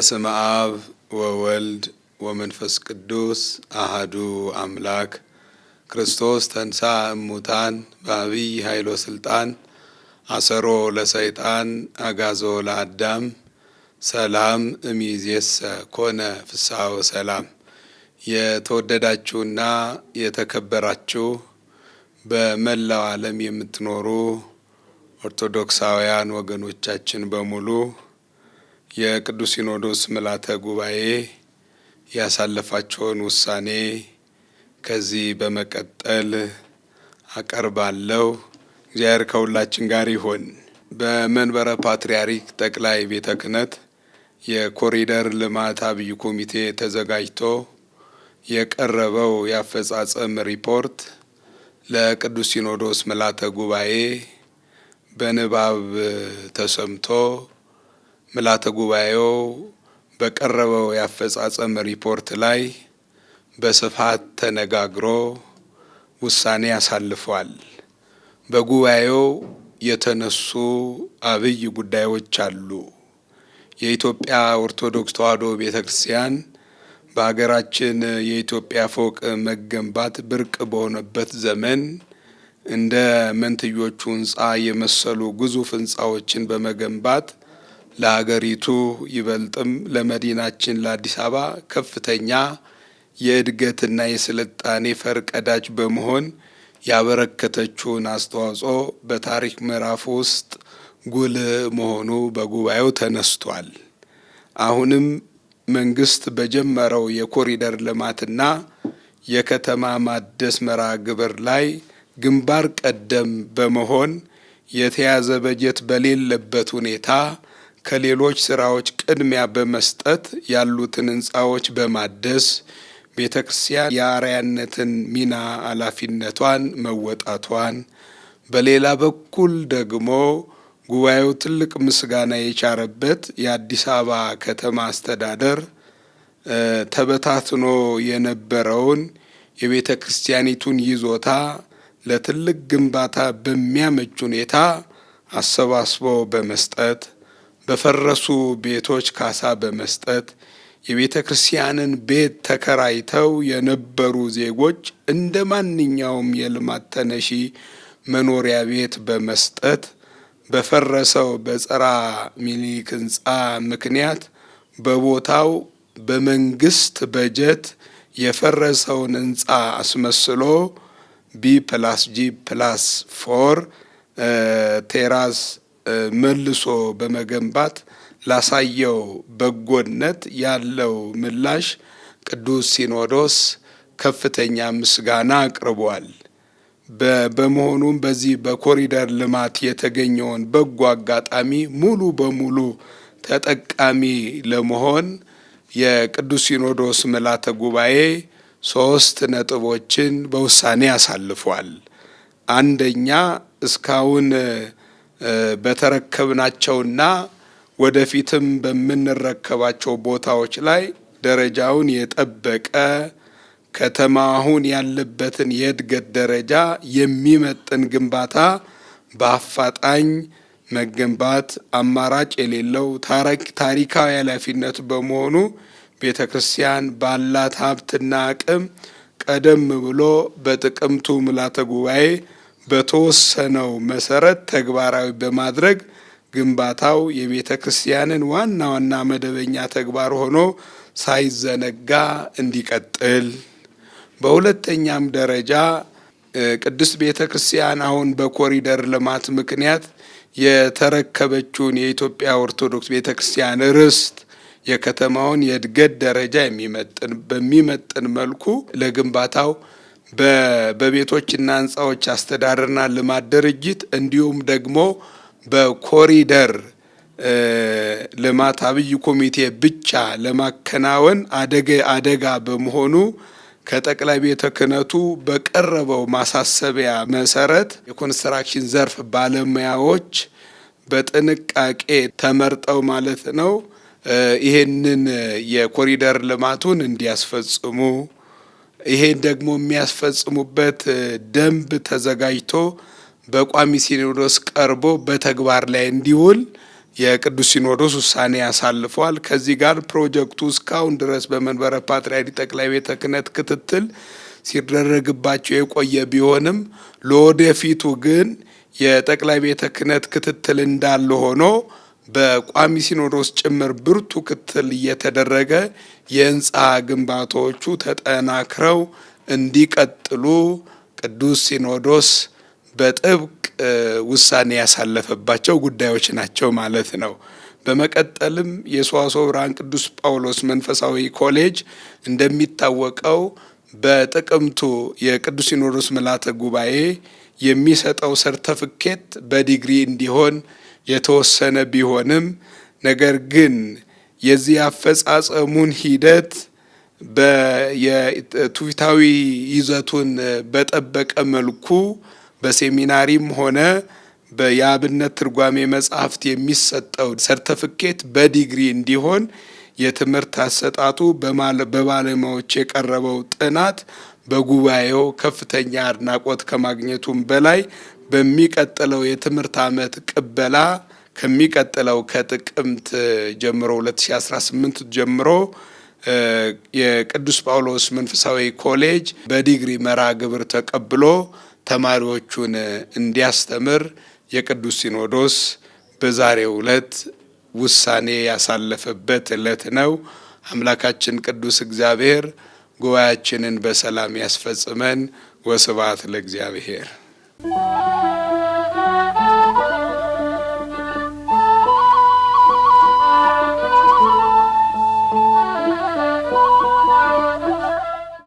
በስም አብ ወወልድ ወመንፈስ ቅዱስ አህዱ አምላክ ክርስቶስ ተንሳ እሙታን በአብይ ኃይሎ ስልጣን አሰሮ ለሰይጣን አጋዞ ለአዳም ሰላም እሚዜሰ ኮነ ፍስሐ ወሰላም። የተወደዳችሁና የተከበራችሁ በመላው ዓለም የምትኖሩ ኦርቶዶክሳውያን ወገኖቻችን በሙሉ የቅዱስ ሲኖዶስ ምልዓተ ጉባኤ ያሳለፋቸውን ውሳኔ ከዚህ በመቀጠል አቀርባለሁ። እግዚአብሔር ከሁላችን ጋር ይሆን። በመንበረ ፓትርያርክ ጠቅላይ ቤተ ክህነት የኮሪደር ልማት አብይ ኮሚቴ ተዘጋጅቶ የቀረበው የአፈጻጸም ሪፖርት ለቅዱስ ሲኖዶስ ምልዓተ ጉባኤ በንባብ ተሰምቶ ምልዓተ ጉባኤው በቀረበው የአፈጻጸም ሪፖርት ላይ በስፋት ተነጋግሮ ውሳኔ አሳልፏል። በጉባኤው የተነሱ አብይ ጉዳዮች አሉ። የኢትዮጵያ ኦርቶዶክስ ተዋሕዶ ቤተ ክርስቲያን በሀገራችን የኢትዮጵያ ፎቅ መገንባት ብርቅ በሆነበት ዘመን እንደ መንትዮቹ ህንፃ የመሰሉ ግዙፍ ሕንፃዎችን በመገንባት ለሀገሪቱ ይበልጥም ለመዲናችን ለአዲስ አበባ ከፍተኛ የእድገትና የስልጣኔ ፈርቀዳጅ በመሆን ያበረከተችውን አስተዋጽኦ በታሪክ ምዕራፍ ውስጥ ጉልህ መሆኑ በጉባኤው ተነስቷል። አሁንም መንግስት በጀመረው የኮሪደር ልማትና የከተማ ማደስ መርሃ ግብር ላይ ግንባር ቀደም በመሆን የተያዘ በጀት በሌለበት ሁኔታ ከሌሎች ስራዎች ቅድሚያ በመስጠት ያሉትን ህንፃዎች በማደስ ቤተ ክርስቲያን የአርያነትን ሚና ኃላፊነቷን መወጣቷን፣ በሌላ በኩል ደግሞ ጉባኤው ትልቅ ምስጋና የቻረበት የአዲስ አበባ ከተማ አስተዳደር ተበታትኖ የነበረውን የቤተ ክርስቲያኒቱን ይዞታ ለትልቅ ግንባታ በሚያመች ሁኔታ አሰባስቦ በመስጠት በፈረሱ ቤቶች ካሳ በመስጠት የቤተ ክርስቲያንን ቤት ተከራይተው የነበሩ ዜጎች እንደ ማንኛውም የልማት ተነሺ መኖሪያ ቤት በመስጠት በፈረሰው በፀራ ሚኒሊክ ህንፃ ምክንያት በቦታው በመንግስት በጀት የፈረሰውን ህንፃ አስመስሎ ቢ ፕላስ ጂ ፕላስ ፎር ቴራስ መልሶ በመገንባት ላሳየው በጎነት ያለው ምላሽ ቅዱስ ሲኖዶስ ከፍተኛ ምስጋና አቅርቧል። በመሆኑም በዚህ በኮሪደር ልማት የተገኘውን በጎ አጋጣሚ ሙሉ በሙሉ ተጠቃሚ ለመሆን የቅዱስ ሲኖዶስ ምልዓተ ጉባኤ ሶስት ነጥቦችን በውሳኔ አሳልፏል። አንደኛ እስካሁን በተረከብናቸውና ወደፊትም በምንረከባቸው ቦታዎች ላይ ደረጃውን የጠበቀ ከተማ አሁን ያለበትን የእድገት ደረጃ የሚመጥን ግንባታ በአፋጣኝ መገንባት አማራጭ የሌለው ታሪካዊ ኃላፊነት በመሆኑ ቤተ ክርስቲያን ባላት ሀብትና አቅም ቀደም ብሎ በጥቅምቱ ምልዓተ ጉባኤ በተወሰነው መሰረት ተግባራዊ በማድረግ ግንባታው የቤተ ክርስቲያንን ዋና ዋና መደበኛ ተግባር ሆኖ ሳይዘነጋ እንዲቀጥል፣ በሁለተኛም ደረጃ ቅድስት ቤተ ክርስቲያን አሁን በኮሪደር ልማት ምክንያት የተረከበችውን የኢትዮጵያ ኦርቶዶክስ ቤተ ክርስቲያን ርስት የከተማውን የእድገት ደረጃ የሚመጥን በሚመጥን መልኩ ለግንባታው በቤቶችና ህንፃዎች አስተዳደርና ልማት ድርጅት እንዲሁም ደግሞ በኮሪደር ልማት አብይ ኮሚቴ ብቻ ለማከናወን አደጋ በመሆኑ ከጠቅላይ ቤተ ክህነቱ በቀረበው ማሳሰቢያ መሰረት የኮንስትራክሽን ዘርፍ ባለሙያዎች በጥንቃቄ ተመርጠው ማለት ነው ይህንን የኮሪደር ልማቱን እንዲያስፈጽሙ ይሄን ደግሞ የሚያስፈጽሙበት ደንብ ተዘጋጅቶ በቋሚ ሲኖዶስ ቀርቦ በተግባር ላይ እንዲውል የቅዱስ ሲኖዶስ ውሳኔ ያሳልፈዋል። ከዚህ ጋር ፕሮጀክቱ እስካሁን ድረስ በመንበረ ፓትርያርክ ጠቅላይ ቤተ ክህነት ክትትል ሲደረግባቸው የቆየ ቢሆንም ለወደፊቱ ግን የጠቅላይ ቤተ ክህነት ክትትል እንዳለ ሆኖ በቋሚ ሲኖዶስ ጭምር ብርቱ ክትል እየተደረገ የህንፃ ግንባታዎቹ ተጠናክረው እንዲቀጥሉ ቅዱስ ሲኖዶስ በጥብቅ ውሳኔ ያሳለፈባቸው ጉዳዮች ናቸው ማለት ነው። በመቀጠልም የሰዋስወ ብርሃን ቅዱስ ጳውሎስ መንፈሳዊ ኮሌጅ እንደሚታወቀው በጥቅምቱ የቅዱስ ሲኖዶስ ምልዓተ ጉባኤ የሚሰጠው ሰርተፍኬት በዲግሪ እንዲሆን የተወሰነ ቢሆንም ነገር ግን የዚህ አፈጻጸሙን ሂደት የትውፊታዊ ይዘቱን በጠበቀ መልኩ በሴሚናሪም ሆነ የአብነት ትርጓሜ መጽሐፍት የሚሰጠው ሰርተፍኬት በዲግሪ እንዲሆን የትምህርት አሰጣጡ በባለሙያዎች የቀረበው ጥናት በጉባኤው ከፍተኛ አድናቆት ከማግኘቱም በላይ በሚቀጥለው የትምህርት ዓመት ቅበላ ከሚቀጥለው ከጥቅምት ጀምሮ 2018 ጀምሮ የቅዱስ ጳውሎስ መንፈሳዊ ኮሌጅ በዲግሪ መርሃ ግብር ተቀብሎ ተማሪዎቹን እንዲያስተምር የቅዱስ ሲኖዶስ በዛሬው ዕለት ውሳኔ ያሳለፈበት ዕለት ነው። አምላካችን ቅዱስ እግዚአብሔር ጉባኤያችንን በሰላም ያስፈጽመን። ወስብሐት ለእግዚአብሔር።